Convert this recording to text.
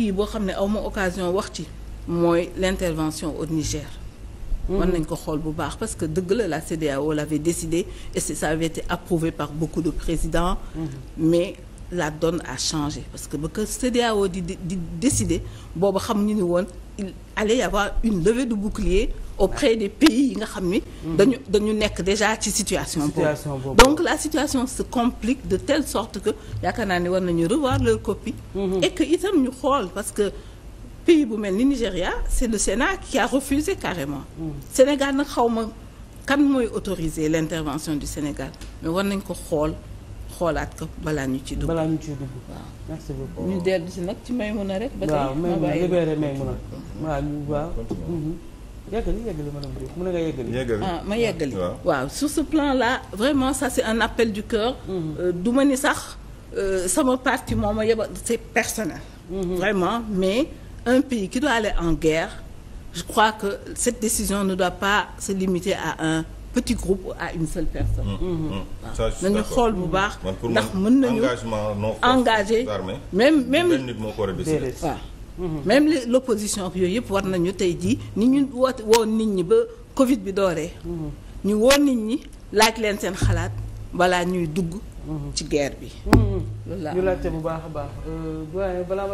kii boo xam ne aw ma occasion wax ci mooy l'intervention au Niger war mmh. nañ ko xool bu baax parce que dëgg la la CEDEAO l'avait décidé et ça avait été approuvé par beaucoup de présidents mmh. mais la done à changé parce que ba que CEDEAO di di décider booba xam ni ni woon il allait y avoir une levée de bouclier près des pays yi nga xam ni mm. dañu dañu nekk déjà ci situation boobu donc la situation se complique de telle sorte que yaakaar naa ni war nañu revoir leur copie mm-hmm. et que itam ñu xool parce que pays bu mel ni Nigéria c'est le Sénat qui a refusé carrément mm. Sénégal nag xaw ma kan mooy autoriser l'intervention du Sénégal mais war nañ ko xool xoolaat ko balaa ñu ci dugg. balaa ñu ci dugg waaw. merci beaucoup ñu dellu si nag ma yeggali. waaw sur ce plan là vraiment ça c'est un appel du cœur. Mhm. Euh, du ma ni sax euh, sama parti moo ma yebal c'est personnel. Mhm. vraiment mais un pays qui doit aller en guerre je crois que cette décision ne doit pas se limiter à un. petit groupe à une seule personne. waaw mmh, mmh. mmh. nañu xool bu baax. ndax mën nañu engagé même même nit moo ko waaw même l' opposition ak yooyu yëpp war nañu tey jii ni ñu woote woon nit ñi ba Covid bi dooree. ñu woon nit ñi laaj leen seen xalaat balaa ñuy dugg. ci guerre bi. loolu ñu laajte bu baax a baax. Euh,